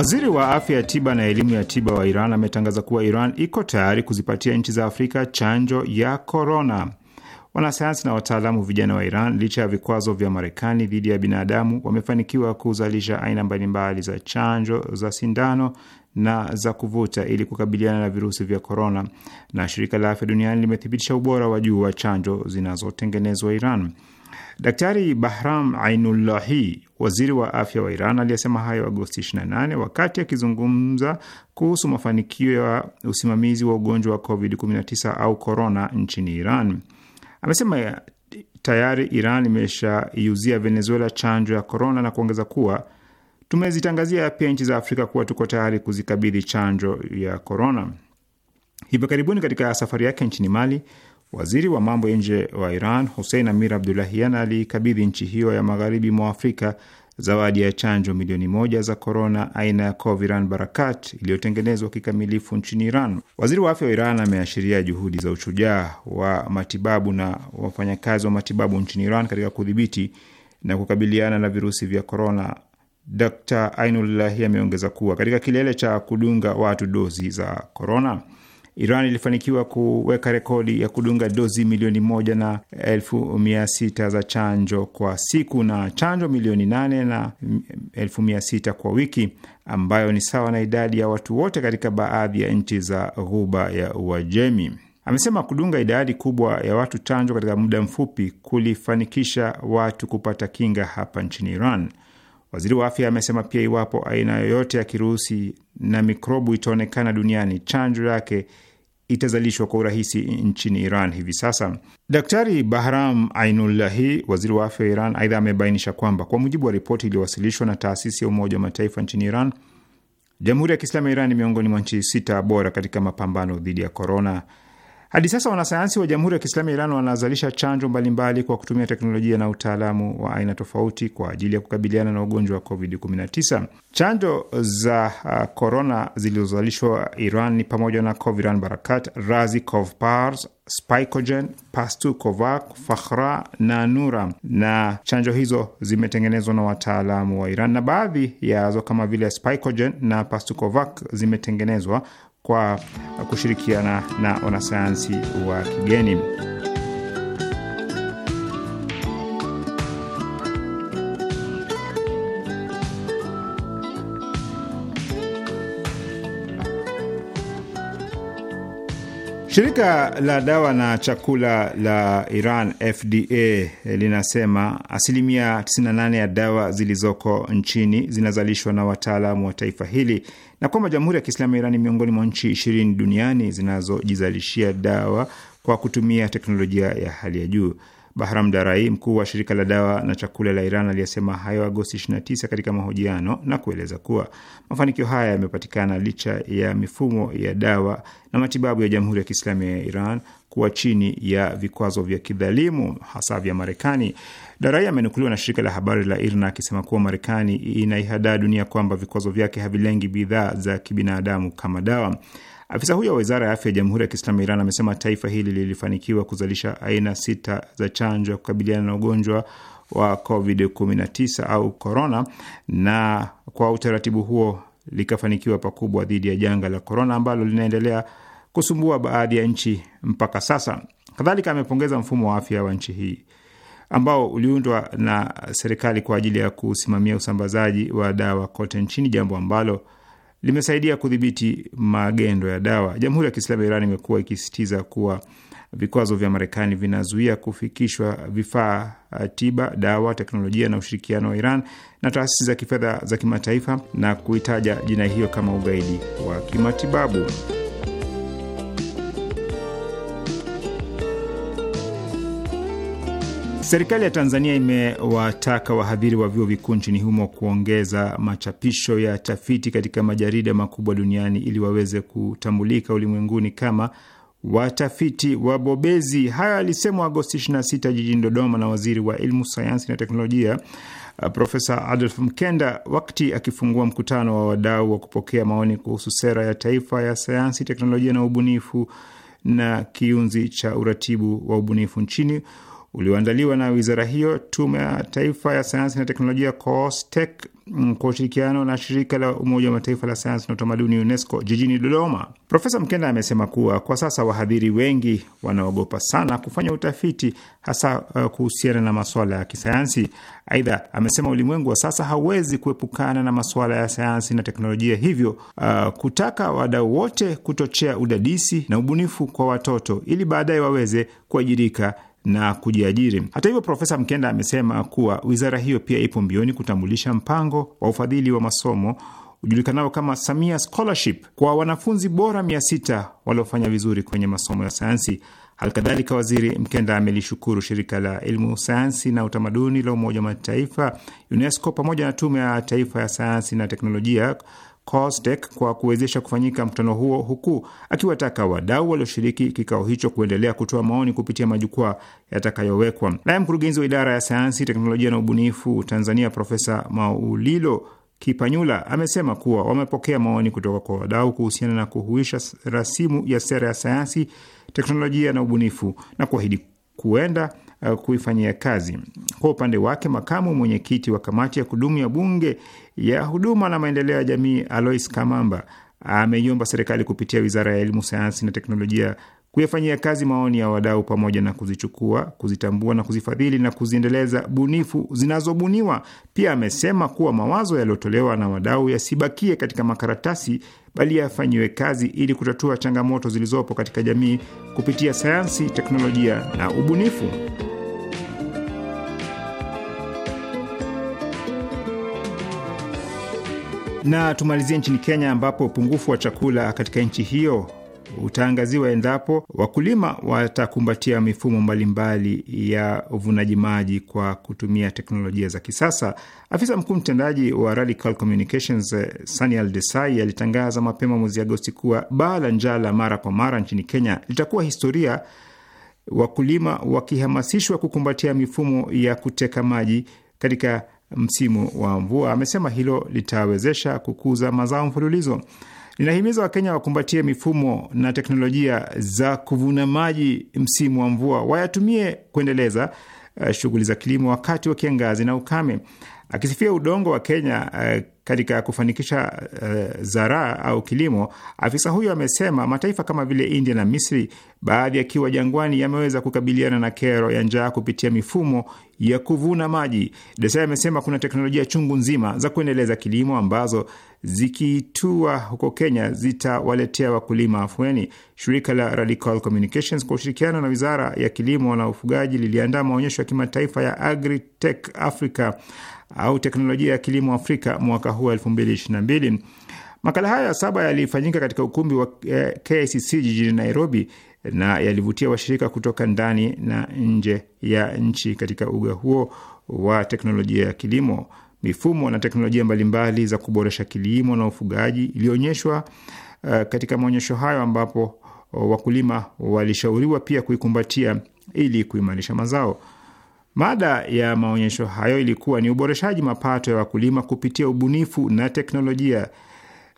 Waziri wa afya ya tiba na elimu ya tiba wa Iran ametangaza kuwa Iran iko tayari kuzipatia nchi za Afrika chanjo ya korona. Wanasayansi na wataalamu vijana wa Iran, licha ya vikwazo vya Marekani dhidi ya binadamu, wamefanikiwa kuzalisha aina mbalimbali za chanjo za sindano na za kuvuta ili kukabiliana na virusi vya korona, na shirika la afya duniani limethibitisha ubora wa juu wa chanjo zinazotengenezwa Iran. Daktari Bahram Ainullahi, waziri wa afya wa Iran, aliyesema hayo Agosti 28 wakati akizungumza kuhusu mafanikio ya usimamizi wa ugonjwa wa COVID-19 au korona nchini Iran. Amesema tayari Iran imeshaiuzia Venezuela chanjo ya korona na kuongeza kuwa tumezitangazia pia nchi za Afrika kuwa tuko tayari kuzikabidhi chanjo ya korona. Hivi karibuni katika safari yake nchini Mali, Waziri wa mambo ya nje wa Iran Hussein Amir Abdulahian aliikabidhi nchi hiyo ya magharibi mwa Afrika zawadi ya chanjo milioni moja za korona aina ya Coviran Barakat iliyotengenezwa kikamilifu nchini Iran. Waziri wa afya wa Iran ameashiria juhudi za ushujaa wa matibabu na wafanyakazi wa matibabu nchini Iran katika kudhibiti na kukabiliana na virusi vya korona. Dr Ainullahi ameongeza kuwa katika kilele cha kudunga watu dozi za korona Iran ilifanikiwa kuweka rekodi ya kudunga dozi milioni moja na elfu mia sita za chanjo kwa siku na chanjo milioni nane na elfu mia sita kwa wiki, ambayo ni sawa na idadi ya watu wote katika baadhi ya nchi za Ghuba ya Uajemi. Amesema kudunga idadi kubwa ya watu chanjo katika muda mfupi kulifanikisha watu kupata kinga hapa nchini Iran. Waziri wa afya amesema pia iwapo aina yoyote ya kirusi na mikrobu itaonekana duniani, chanjo yake itazalishwa kwa urahisi nchini Iran hivi sasa. Daktari Bahram Ainullahi, waziri wa afya wa Iran, aidha amebainisha kwamba kwa mujibu wa ripoti iliyowasilishwa na taasisi ya Umoja wa Mataifa nchini Iran, Jamhuri ya Kiislamu ya Iran ni miongoni mwa nchi sita bora katika mapambano dhidi ya korona hadi sasa wanasayansi wa Jamhuri ya Kiislamu ya Iran wanazalisha chanjo mbalimbali kwa kutumia teknolojia na utaalamu wa aina tofauti kwa ajili ya kukabiliana na ugonjwa wa COVID-19. Chanjo za korona uh, zilizozalishwa Iran ni pamoja na Coviran Barakat, Razicov Pars, Spicogen, Pastu Kovak, Fakhra na Nura, na chanjo hizo zimetengenezwa na wataalamu wa Iran na baadhi yazo kama vile Spicogen na Pastu Kovak zimetengenezwa kwa kushirikiana na wanasayansi wa kigeni. Shirika la dawa na chakula la Iran FDA linasema asilimia 98 ya dawa zilizoko nchini zinazalishwa na wataalamu wa taifa hili na kwamba Jamhuri ya Kiislamu ya Iran ni miongoni mwa nchi ishirini duniani zinazojizalishia dawa kwa kutumia teknolojia ya hali ya juu. Bahram Darai, mkuu wa shirika la dawa na chakula la Iran, aliyesema hayo Agosti 29 katika mahojiano na kueleza kuwa mafanikio haya yamepatikana licha ya mifumo ya dawa na matibabu ya Jamhuri ya Kiislamu ya Iran kuwa chini ya vikwazo vya kidhalimu hasa vya Marekani. Darai amenukuliwa na shirika la habari la IRNA akisema kuwa Marekani inaihadaa dunia kwamba vikwazo vyake havilengi bidhaa za kibinadamu kama dawa. Afisa huyo wa wizara ya afya ya Jamhuri ya Kiislamu ya Iran amesema taifa hili lilifanikiwa kuzalisha aina sita za chanjo ya kukabiliana na ugonjwa wa COVID-19 au korona, na kwa utaratibu huo likafanikiwa pakubwa dhidi ya janga la korona ambalo linaendelea kusumbua baadhi ya nchi mpaka sasa. Kadhalika amepongeza mfumo wa afya wa nchi hii ambao uliundwa na serikali kwa ajili ya kusimamia usambazaji wa dawa kote nchini, jambo ambalo limesaidia kudhibiti magendo ya dawa. Jamhuri ya Kiislamu ya Iran imekuwa ikisisitiza kuwa vikwazo vya Marekani vinazuia kufikishwa vifaa uh, tiba, dawa, teknolojia na ushirikiano wa Iran na taasisi za kifedha za kimataifa na kuitaja jina hiyo kama ugaidi wa kimatibabu. Serikali ya Tanzania imewataka wahadhiri wa vyuo vikuu nchini humo kuongeza machapisho ya tafiti katika majarida makubwa duniani ili waweze kutambulika ulimwenguni kama watafiti wabobezi. Haya alisemwa Agosti 26 jijini Dodoma na waziri wa elimu, sayansi na teknolojia Profesa Adolf Mkenda wakati akifungua mkutano wa wadau wa kupokea maoni kuhusu sera ya taifa ya sayansi, teknolojia na ubunifu na kiunzi cha uratibu wa ubunifu nchini ulioandaliwa na wizara hiyo, tume ya taifa ya sayansi na teknolojia COSTECH mm, kwa ushirikiano na shirika la Umoja wa Mataifa la sayansi na utamaduni UNESCO jijini Dodoma. Profesa Mkenda amesema kuwa kwa sasa wahadhiri wengi wanaogopa sana kufanya utafiti, hasa uh, kuhusiana na masuala ya kisayansi. Aidha, amesema ulimwengu wa sasa hauwezi kuepukana na masuala ya sayansi na teknolojia, hivyo uh, kutaka wadau wote kuchochea udadisi na ubunifu kwa watoto ili baadaye waweze kuajirika na kujiajiri. Hata hivyo, Profesa Mkenda amesema kuwa wizara hiyo pia ipo mbioni kutambulisha mpango wa ufadhili wa masomo ujulikanao kama Samia Scholarship kwa wanafunzi bora mia sita waliofanya vizuri kwenye masomo ya sayansi. Halikadhalika, Waziri Mkenda amelishukuru shirika la elimu, sayansi na utamaduni la Umoja wa Mataifa, UNESCO, pamoja na Tume ya Taifa ya Sayansi na Teknolojia COSTECH kwa kuwezesha kufanyika mkutano huo, huku akiwataka wadau walioshiriki kikao hicho kuendelea kutoa maoni kupitia majukwaa yatakayowekwa. Naye mkurugenzi wa idara ya sayansi, teknolojia na ubunifu Tanzania, Profesa Maulilo Kipanyula amesema kuwa wamepokea maoni kutoka kwa wadau kuhusiana na kuhuisha rasimu ya sera ya sayansi, teknolojia na ubunifu na kuahidi kuenda Eh, kuifanyia kazi. Kwa upande wake, makamu mwenyekiti wa kamati ya kudumu ya bunge ya huduma na maendeleo ya jamii Alois Kamamba ameiomba serikali kupitia wizara ya elimu, sayansi na teknolojia kuyafanyia kazi maoni ya wadau pamoja na kuzichukua, kuzitambua na kuzifadhili na kuziendeleza bunifu zinazobuniwa. Pia amesema kuwa mawazo yaliyotolewa na wadau yasibakie katika makaratasi, bali yafanyiwe kazi ili kutatua changamoto zilizopo katika jamii kupitia sayansi, teknolojia na ubunifu. Na tumalizie nchini Kenya ambapo upungufu wa chakula katika nchi hiyo utaangaziwa endapo wakulima watakumbatia mifumo mbalimbali ya uvunaji maji kwa kutumia teknolojia za kisasa. Afisa mkuu mtendaji wa Radical Communications Sanial Desai alitangaza mapema mwezi Agosti kuwa baa la njaa la mara kwa mara nchini Kenya litakuwa historia, wakulima wakihamasishwa kukumbatia mifumo ya kuteka maji katika msimu wa mvua. Amesema hilo litawezesha kukuza mazao mfululizo linahimiza Wakenya wakumbatie mifumo na teknolojia za kuvuna maji msimu wa mvua, wayatumie kuendeleza uh, shughuli za kilimo wakati wa kiangazi na ukame. Akisifia udongo wa Kenya uh, katika kufanikisha uh, eh, zaraa au kilimo. Afisa huyo amesema mataifa kama vile India na Misri, baadhi yakiwa jangwani, yameweza kukabiliana na kero ya njaa kupitia mifumo ya kuvuna maji. Desai amesema kuna teknolojia chungu nzima za kuendeleza kilimo ambazo zikitua huko Kenya zitawaletea wakulima afueni. Shirika la Radical Communications kwa ushirikiano na wizara ya kilimo na ufugaji liliandaa maonyesho ya kimataifa ya Agritech Africa au teknolojia ya kilimo Afrika mwaka huu 2022. Makala haya ya saba yalifanyika katika ukumbi wa eh, KICC jijini Nairobi na yalivutia washirika kutoka ndani na nje ya nchi katika uga huo wa teknolojia ya kilimo. Mifumo na teknolojia mbalimbali za kuboresha kilimo na ufugaji iliyoonyeshwa uh, eh, katika maonyesho hayo ambapo eh, wakulima walishauriwa pia kuikumbatia ili kuimarisha mazao. Mada ya maonyesho hayo ilikuwa ni uboreshaji mapato ya wakulima kupitia ubunifu na teknolojia.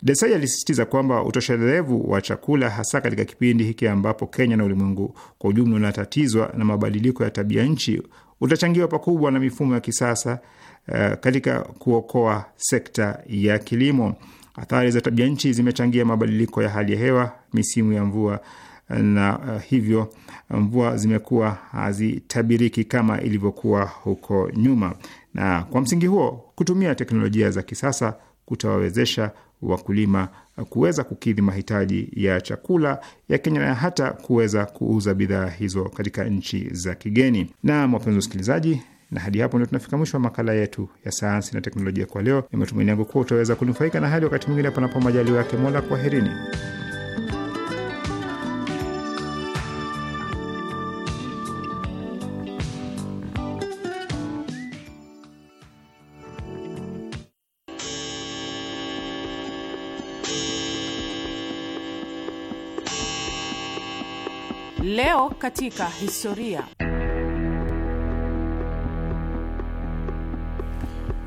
Desai alisisitiza kwamba utoshelevu wa chakula hasa katika kipindi hiki ambapo Kenya na ulimwengu kwa ujumla unatatizwa na mabadiliko ya tabia nchi utachangiwa pakubwa na mifumo ya kisasa uh, katika kuokoa sekta ya kilimo. Athari za tabia nchi zimechangia mabadiliko ya hali ya hewa, misimu ya mvua na eh, hivyo eh, mvua zimekuwa hazitabiriki kama ilivyokuwa huko nyuma. Na kwa msingi huo, kutumia teknolojia za kisasa kutawawezesha wakulima kuweza kukidhi mahitaji ya chakula ya Kenya na hata kuweza kuuza bidhaa hizo katika nchi za kigeni. Na wapenzi wasikilizaji, na hadi hapo ndio tunafika mwisho wa makala yetu ya sayansi na teknolojia kwa leo. Ni matumaini yangu kuwa utaweza kunufaika, na hadi wakati mwingine, panapo majaliwa yake Mola, kwaherini. Leo katika historia.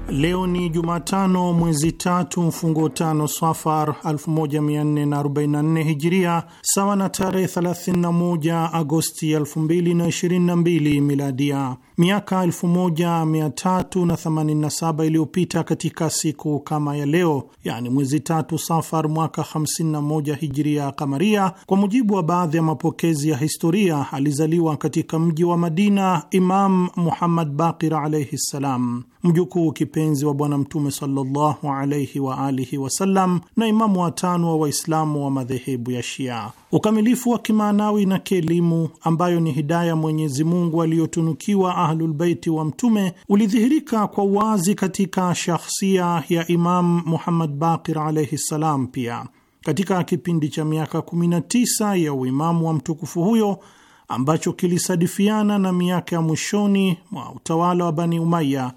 Leo ni Jumatano, mwezi tatu mfungo tano swafar 1444 Hijiria, sawa na tarehe 31 Agosti 2022 Miladia miaka 1387 iliyopita katika siku kama ya leo, yani mwezi tatu Safar mwaka 51 Hijria Kamaria. Kwa mujibu wa baadhi ya mapokezi ya historia, alizaliwa katika mji wa Madina Imam Muhammad Baqir alaihi ssalam, mjukuu kipenzi wa Bwana Mtume sallallahu alaihi waalihi wasallam na imamu watano wa Waislamu wa madhehebu ya Shia. Ukamilifu wa kimaanawi na kielimu, ambayo ni hidaya Mwenyezi Mungu aliyotunukiwa Ahlulbeiti wa Mtume, ulidhihirika kwa wazi katika shakhsia ya Imam Muhammad Baqir alaihi ssalam. Pia katika kipindi cha miaka 19 ya uimamu wa mtukufu huyo ambacho kilisadifiana na miaka ya mwishoni mwa utawala wa Bani Umaya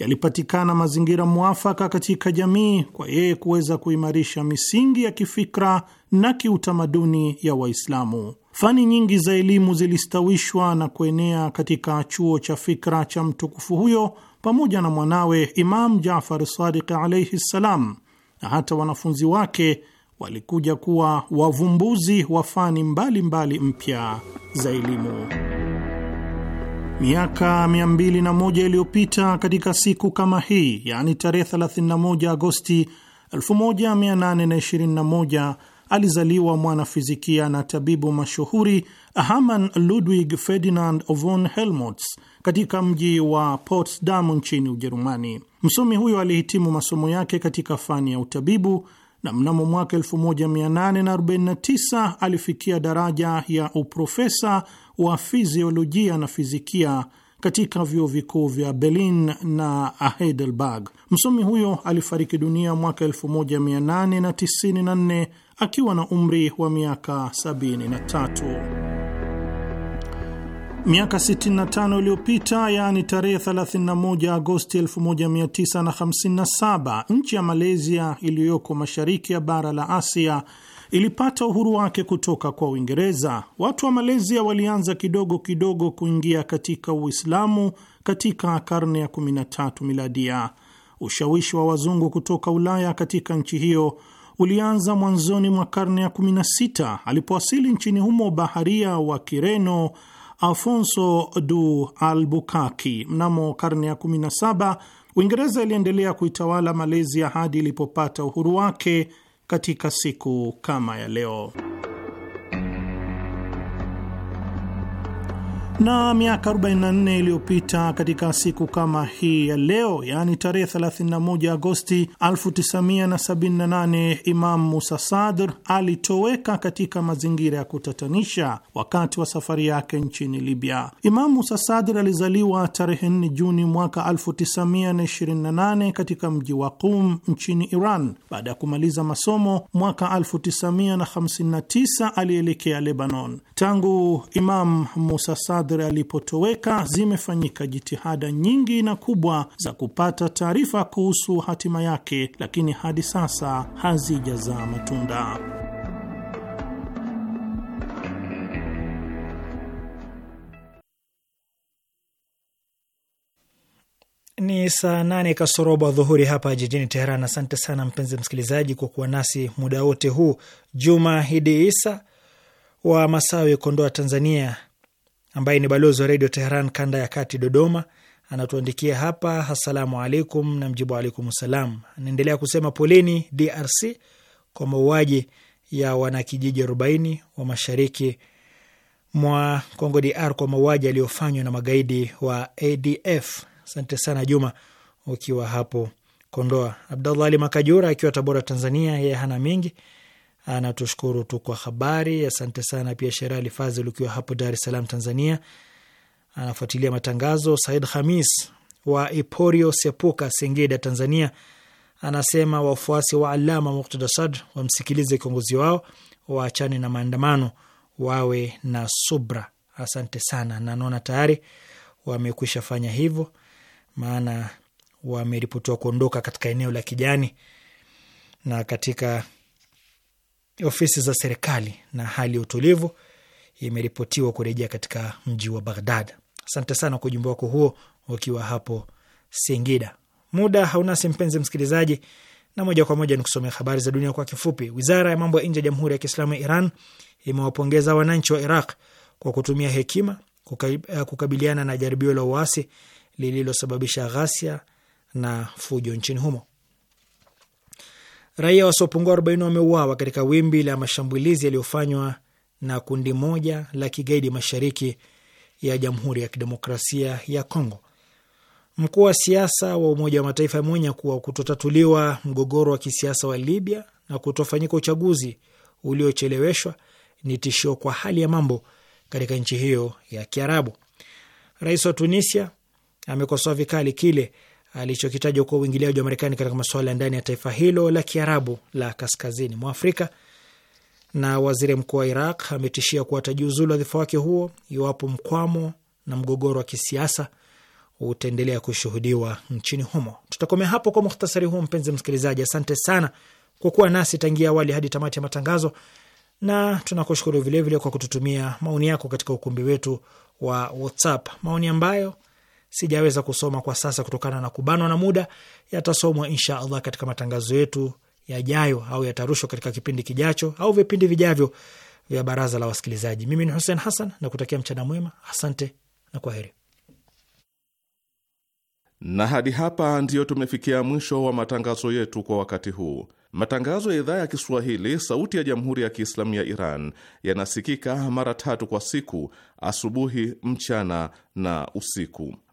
yalipatikana mazingira mwafaka katika jamii kwa yeye kuweza kuimarisha misingi ya kifikra na kiutamaduni ya Waislamu. Fani nyingi za elimu zilistawishwa na kuenea katika chuo cha fikra cha mtukufu huyo pamoja na mwanawe Imam Jafar Sadiq alaihi ssalam, na hata wanafunzi wake walikuja kuwa wavumbuzi wa fani mbalimbali mpya za elimu. Miaka 201 iliyopita katika siku kama hii, yaani tarehe 31 Agosti 1821 alizaliwa mwanafizikia na tabibu mashuhuri Hermann Ludwig Ferdinand von Helmholtz katika mji wa Potsdam nchini Ujerumani. Msomi huyo alihitimu masomo yake katika fani ya utabibu na mnamo mwaka 1849 alifikia daraja ya uprofesa wa fiziolojia na fizikia katika vyuo vikuu vya Berlin na Heidelberg. Msomi huyo alifariki dunia mwaka 1894 akiwa na umri wa miaka 73. Miaka 65 iliyopita, yaani tarehe 31 Agosti 1957, nchi ya Malaysia iliyoko mashariki ya bara la Asia ilipata uhuru wake kutoka kwa Uingereza. Watu wa Malaysia walianza kidogo kidogo kuingia katika Uislamu katika karne ya 13 miladia. Ushawishi wa wazungu kutoka Ulaya katika nchi hiyo ulianza mwanzoni mwa karne ya 16 alipowasili nchini humo baharia wa Kireno Afonso du Albukaki. Mnamo karne ya 17 Uingereza iliendelea kuitawala Malaysia hadi ilipopata uhuru wake katika siku kama ya leo. Na miaka 44 iliyopita katika siku kama hii ya leo, yaani tarehe 31 Agosti 1978, Imam Musa Sadr alitoweka katika mazingira ya kutatanisha wakati wa safari yake nchini Libya. Imam Musa Sadr alizaliwa tarehe 4 Juni mwaka 1928 katika mji wa Qum nchini Iran. Baada ya kumaliza masomo mwaka 1959 alielekea Lebanon. Tangu Imam Musa Sadr Sadr alipotoweka, zimefanyika jitihada nyingi na kubwa za kupata taarifa kuhusu hatima yake, lakini hadi sasa hazijazaa matunda. Ni saa nane kasoroba dhuhuri hapa jijini Teheran. Asante sana mpenzi msikilizaji kwa kuwa nasi muda wote huu. Juma Hidi Isa wa Masawi, Kondoa, Tanzania, ambaye ni balozi wa redio Teheran kanda ya kati Dodoma, anatuandikia hapa, assalamu alaikum, na mjibu alaikum salam. Anaendelea kusema poleni DRC kwa mauaji ya wanakijiji arobaini wa mashariki mwa Congo DR kwa mauaji yaliyofanywa na magaidi wa ADF. Asante sana Juma ukiwa hapo Kondoa. Abdallah Ali Makajura akiwa Tabora, Tanzania, yeye hana mengi anatushukuru tu kwa habari. Asante sana pia Sherali Fazil ukiwa hapo Dar es Salaam, Tanzania, anafuatilia matangazo. Said Hamis wa Iporio Sepuka, Singida, Tanzania, anasema wafuasi wa Alama Muktada Sad wamsikilize kiongozi wao, waachane na maandamano, wawe na subra. Asante sana, na naona tayari wamekwisha fanya hivyo, maana wameripotiwa kuondoka katika eneo la kijani na katika Ofisi za serikali na hali ya utulivu imeripotiwa kurejea katika mji wa Baghdad. Asante sana kwa ujumbe wako huo ukiwa hapo Singida. Muda haunasi mpenzi msikilizaji, na moja kwa moja nikusomea habari za dunia kwa kifupi. Wizara ya mambo ya nje ya Jamhuri ya Kiislamu ya Iran imewapongeza wananchi wa Iraq kwa kutumia hekima eh, kukabiliana na jaribio la uasi lililosababisha ghasia na fujo nchini humo. Raia wasiopungua 40 wameuawa katika wimbi la mashambulizi yaliyofanywa na kundi moja la kigaidi mashariki ya Jamhuri ya Kidemokrasia ya Kongo. Mkuu wa siasa wa Umoja wa Mataifa ameonya kuwa kutotatuliwa mgogoro wa kisiasa wa Libya na kutofanyika uchaguzi uliocheleweshwa ni tishio kwa hali ya mambo katika nchi hiyo ya Kiarabu. Rais wa Tunisia amekosoa vikali kile alichokitaja kuwa uingiliaji wa Marekani katika masuala ya ndani ya taifa hilo la Kiarabu la kaskazini mwa Afrika. Na waziri mkuu wa Iraq ametishia kuwa atajiuzulu wadhifa wake huo iwapo mkwamo na mgogoro wa kisiasa utaendelea kushuhudiwa nchini humo. Tutakomea hapo kwa muhtasari huo, mpenzi msikilizaji. Asante sana kwa kuwa nasi tangia awali hadi tamati ya matangazo, na tunakushukuru vilevile kwa kututumia maoni yako katika ukumbi wetu wa WhatsApp, maoni ambayo sijaweza kusoma kwa sasa kutokana na kubanwa na muda. Yatasomwa insha Allah katika matangazo yetu yajayo, au yatarushwa katika kipindi kijacho au vipindi vijavyo vya baraza la wasikilizaji. Mimi ni Hussein Hassan na kutakia mchana mwema. Asante na heri. Na hadi hapa ndiyo tumefikia mwisho wa matangazo yetu kwa wakati huu. Matangazo ya idhaa ya Kiswahili sauti ya jamhuri ya Kiislamu ya Iran yanasikika mara tatu kwa siku: asubuhi, mchana na usiku.